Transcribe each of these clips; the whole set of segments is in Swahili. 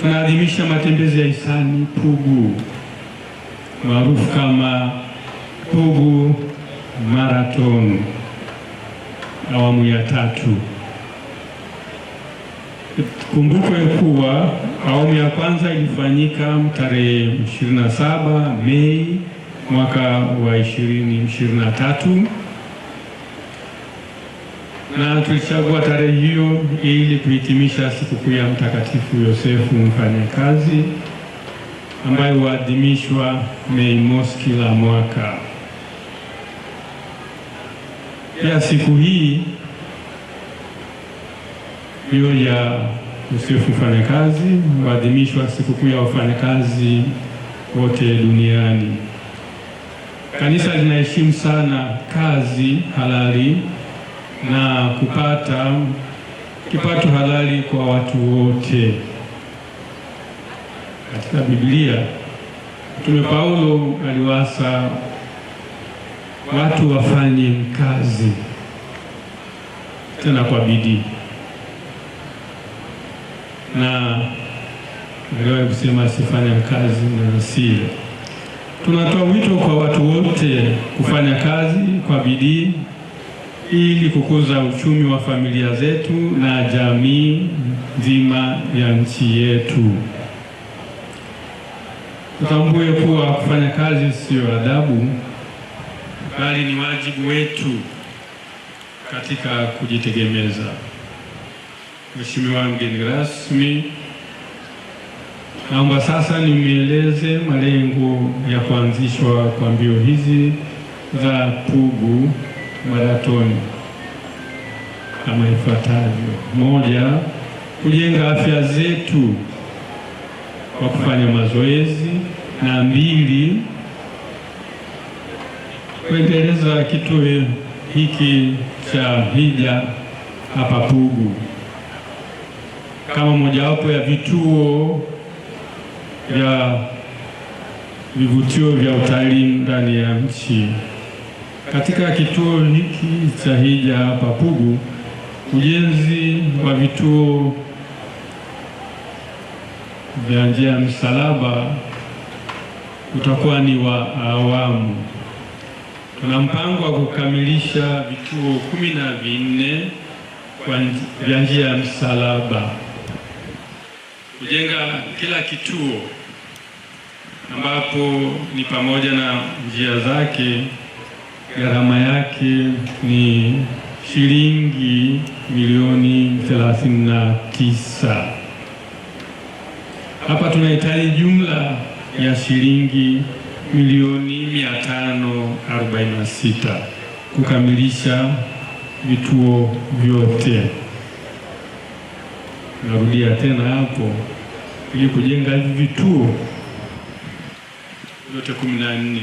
tunaadhimisha matembezi ya hisani Pugu maarufu kama Pugu Marathon awamu ya tatu. Kumbukwe kuwa awamu ya kwanza ilifanyika tarehe 27 Mei mwaka wa 2023 na tulichagua tarehe hiyo ili kuhitimisha sikukuu ya Mtakatifu Yosefu Mfanyakazi ambayo huadhimishwa Mei Mosi kila mwaka. Pia siku hii hiyo ya Yosefu Mfanyakazi huadhimishwa sikukuu ya wafanyakazi wote duniani. Kanisa linaheshimu sana kazi halali na kupata kipato halali kwa watu wote. Katika Biblia Mtume Paulo aliwasa watu wafanye kazi tena kwa bidii, na niliwahi kusema asifanya kazi na asili. Tunatoa wito kwa watu wote kufanya kazi kwa bidii ili kukuza uchumi wa familia zetu na jamii nzima ya nchi yetu. Tutambue kuwa kufanya kazi siyo adabu, bali ni wajibu wetu katika kujitegemeza. Mheshimiwa mgeni rasmi, naomba sasa nimeeleze malengo ya kuanzishwa kwa mbio hizi za Pugu maratoni kama ifuatavyo: moja, kujenga afya zetu kwa kufanya mazoezi, na mbili, kuendeleza kituo hiki cha hija hapa Pugu kama mojawapo ya vituo vya vivutio vya utalii ndani ya nchi. Katika kituo hiki cha hija hapa Pugu, ujenzi wa vituo vya njia ya msalaba utakuwa ni wa awamu. Tuna mpango wa kukamilisha vituo kumi na vinne vya njia ya msalaba, kujenga kila kituo ambapo ni pamoja na njia zake gharama yake ni shilingi milioni 39. Hapa tunahitaji jumla ya shilingi milioni 546 kukamilisha vituo vyote. Narudia tena hapo, ili kujenga hivi vituo vyote 14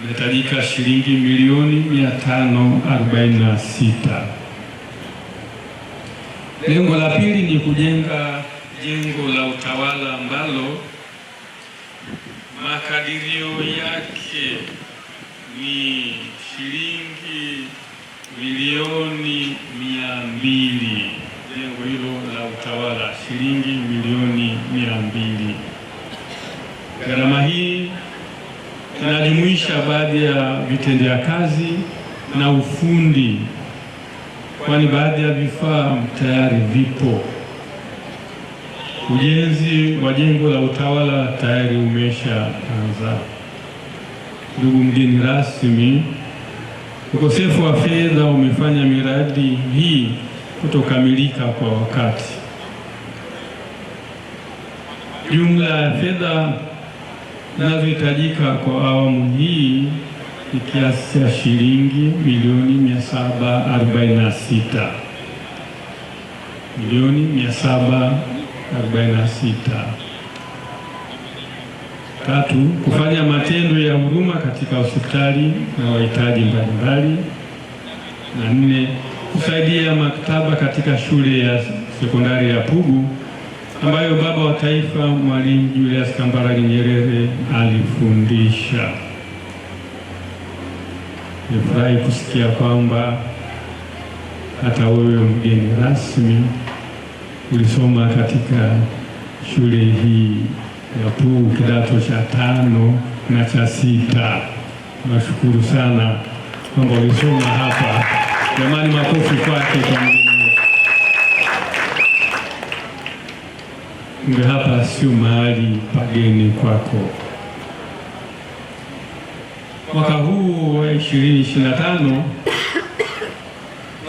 inahitajika shilingi milioni 546. Lengo la pili ni kujenga jengo la utawala ambalo makadirio yake ni shilingi milioni mia mbili. Jengo hilo la utawala shilingi milioni mia mbili. Gharama hii kinajumuisha baadhi ya vitendea kazi na ufundi, kwani baadhi ya vifaa tayari vipo. Ujenzi wa jengo la utawala tayari umeshaanza. Ndugu mgeni rasmi, ukosefu wa fedha umefanya miradi hii kutokamilika kwa wakati. Jumla ya fedha zinazohitajika kwa awamu hii ni kiasi cha shilingi milioni 746 milioni 746. Tatu, kufanya matendo ya huruma katika hospitali na wahitaji mbalimbali. Na nne, kusaidia maktaba katika shule ya sekondari ya Pugu ambayo baba wa taifa Mwalimu Julius Kambarage Nyerere alifundisha. Nifurahi kusikia kwamba hata wewe mgeni rasmi ulisoma katika shule hii ya puu kidato cha tano na cha sita. Nashukuru sana kwamba ulisoma hapa. Jamani, makofi kwake. hivyo hapa sio mahali pageni kwako. Mwaka huu wa 2025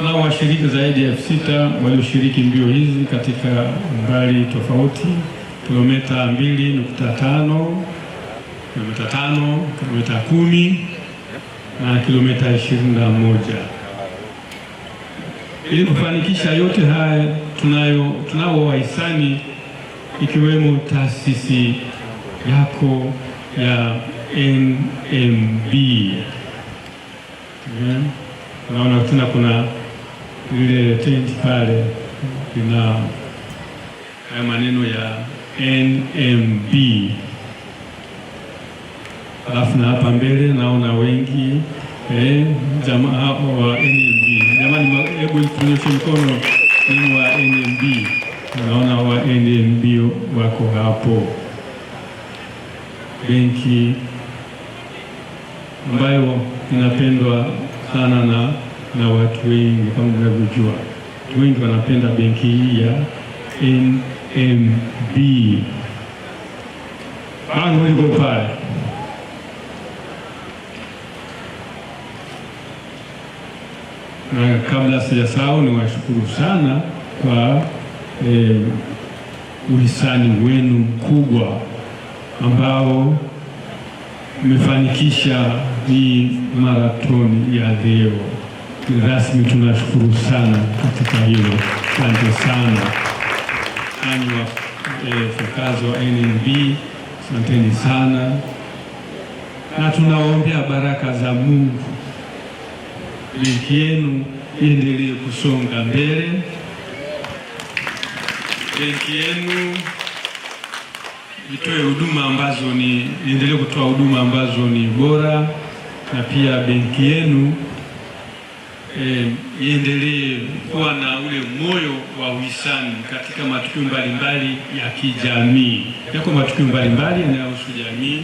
nao washiriki zaidi ya elfu sita walioshiriki mbio hizi katika umbali tofauti, kilomita 2.5, kilomita 5, kilomita 10 na kilomita 21. Ili kufanikisha yote haya, tunao wahisani ikiwemo taasisi yako ya NMB. Naona yeah, tena kuna lile tenti pale lina haya maneno ya NMB, alafu na hapa mbele naona wengi eh, jamaa hapo wa NMB. Jamani, hebu tunyoshe mkono ni wa NMB. Naona wa NMB wako hapo, benki ambayo inapendwa sana na, na watu wengi. Kama mnavyojua, watu wengi wanapenda benki hii ya NMB. Bango liko pale, na kabla sijasahau, niwashukuru sana kwa eh, uhisani wenu mkubwa ambao umefanikisha hii maratoni ya leo rasmi. Tunashukuru sana katika hilo, asante sana ani wafakazi wa eh, NMB, asanteni sana na tunaombea baraka za Mungu benki yenu iendelee kusonga mbele benki yenu itoe huduma ambazo ni iendelee kutoa huduma ambazo ni bora, na pia benki yenu eh, iendelee kuwa na ule moyo wa uhisani katika matukio mbalimbali ya kijamii. Yako matukio mbalimbali yanayohusu jamii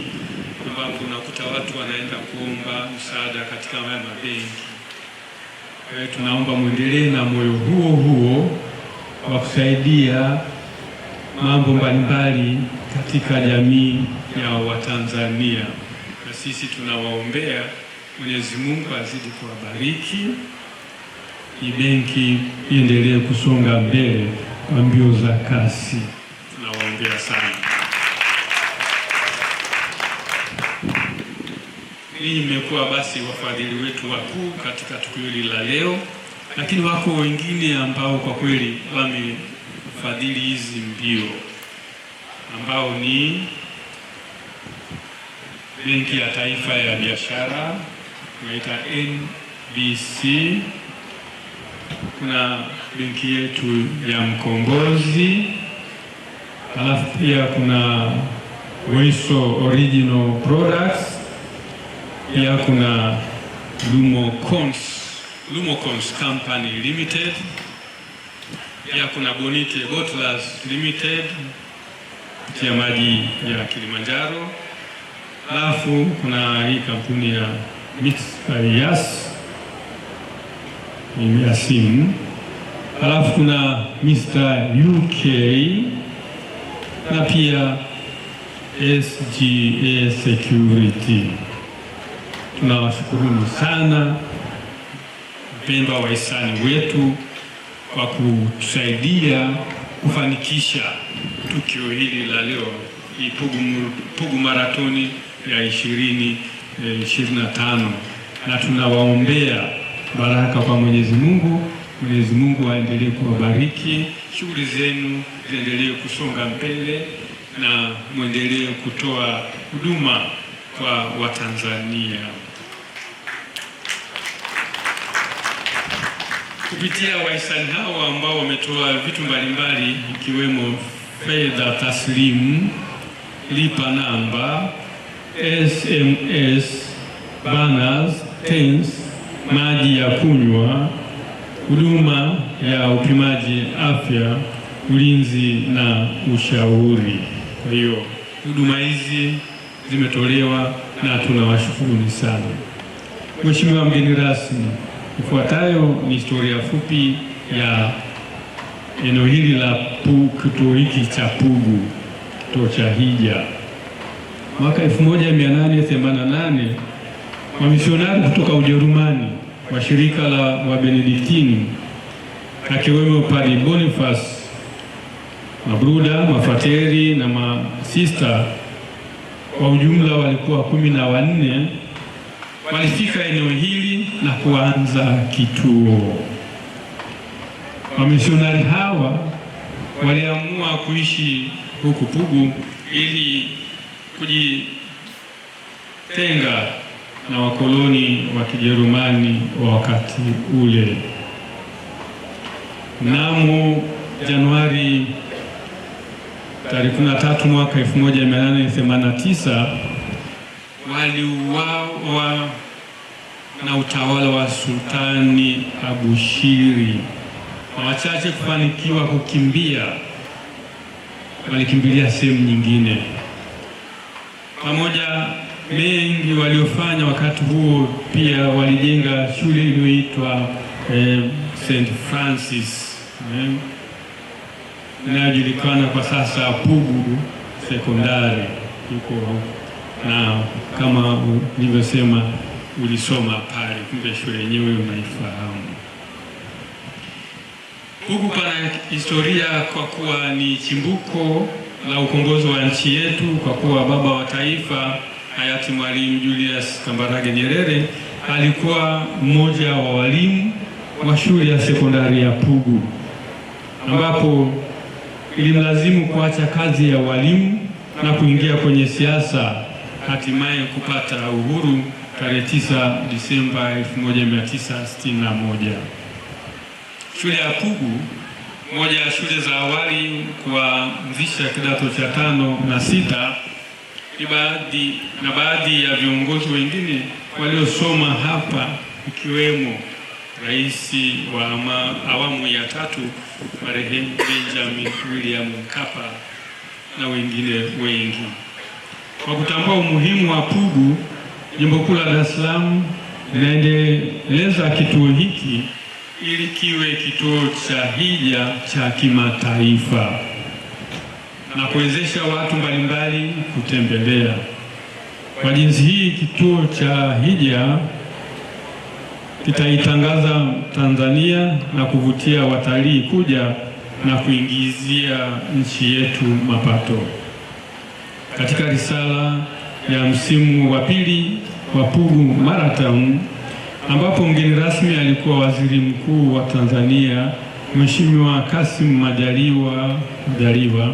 ambapo unakuta watu wanaenda kuomba msaada katika haya mabenki. Tunaomba mwendelee na moyo huo huo wa kusaidia mambo mbalimbali katika jamii ya Watanzania, na sisi tunawaombea Mwenyezi Mungu azidi kuwabariki, ni benki iendelee kusonga mbele kwa mbio za kasi. Tunawaombea sana. Ninyi mmekuwa basi wafadhili wetu wakuu katika tukio hili la leo lakini wako wengine ambao kwa kweli wamefadhili hizi mbio ambao ni Benki ya Taifa ya Biashara, tunaita NBC, kuna benki yetu ya Mkombozi, alafu pia kuna Weso Original Products, pia kuna Lumo Cons Lumocons Company Limited, pia kuna Bonite Bottlers Limited kupitia maji ya Kilimanjaro, alafu kuna hii kampuni ya Mix by Yas ya simu, alafu kuna Mr UK na pia SGA Security. Tunawashukuruni sana mpendwa wahisani wetu kwa kutusaidia kufanikisha tukio hili la leo Pugu, Pugu Maratoni ya ishirini e, ishirini na tano na tunawaombea baraka kwa Mwenyezi Mungu. Mwenyezi Mungu aendelee kuwabariki, shughuli zenu ziendelee kusonga mbele na mwendelee kutoa huduma kwa Watanzania. kupitia wahisani hao ambao wametoa vitu mbalimbali ikiwemo fedha taslimu, lipa namba, SMS, banners, tents, maji ya kunywa, huduma ya upimaji afya, ulinzi na ushauri. Kwa hiyo huduma hizi zimetolewa na tunawashukuru sana. Mheshimiwa mgeni rasmi Ifuatayo ni historia fupi ya eneo hili la kituo hiki cha Pugu, kituo cha hija. Mwaka 1888 wamisionari kutoka Ujerumani wa shirika la Wabenediktini akiwemo Padre Boniface, mabruda, mafateri na masista kwa ujumla walikuwa kumi na wanne walifika eneo hili na kuanza kituo. Wamisionari hawa waliamua kuishi huku Pugu ili kujitenga na wakoloni wa Kijerumani wa wakati ule. Mnamo Januari tarehe 13 mwaka 1889 waliuawa na utawala wa Sultani Abushiri na wachache kufanikiwa kukimbia, walikimbilia sehemu nyingine. Pamoja mengi waliofanya wakati huo, pia walijenga shule iliyoitwa eh, St Francis eh, inayojulikana kwa sasa Pugu Sekondari, yuko na kama ulivyosema ulisoma pale, kumbe shule yenyewe unaifahamu. Huku pana historia kwa kuwa ni chimbuko la ukombozi wa nchi yetu, kwa kuwa baba wa taifa hayati Mwalimu Julius Kambarage Nyerere alikuwa mmoja wa walimu wa shule ya sekondari ya Pugu, ambapo ilimlazimu kuacha kazi ya walimu na kuingia kwenye siasa hatimaye kupata uhuru tarehe 9 Disemba 1961. Shule ya Pugu, moja ya shule za awali kuanzisha kidato cha tano na sita, ni baadhi na baadhi ya viongozi wengine waliosoma hapa ikiwemo Rais wa ama, awamu ya tatu marehemu Benjamin William Mkapa na wengine wengi kwa kutambua umuhimu wa Pugu, jimbo kuu la Dar es Salaam naendeleza kituo hiki ili kiwe kituo cha hija cha kimataifa na kuwezesha watu mbalimbali kutembelea. Kwa jinsi hii, kituo cha hija kitaitangaza Tanzania na kuvutia watalii kuja na kuingizia nchi yetu mapato katika risala ya msimu wa pili wa Pugu Marathon ambapo mgeni rasmi alikuwa Waziri Mkuu wa Tanzania Mheshimiwa Kassim Majaliwa Majaliwa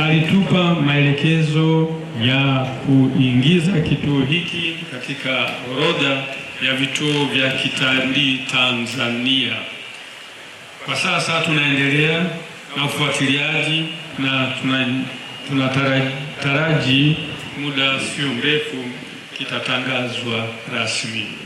alitupa maelekezo ya kuingiza kituo hiki katika orodha ya vituo vya kitalii Tanzania. Kwa sasa tunaendelea na ufuatiliaji na tuna tunataraji muda sio mrefu kitatangazwa rasmi.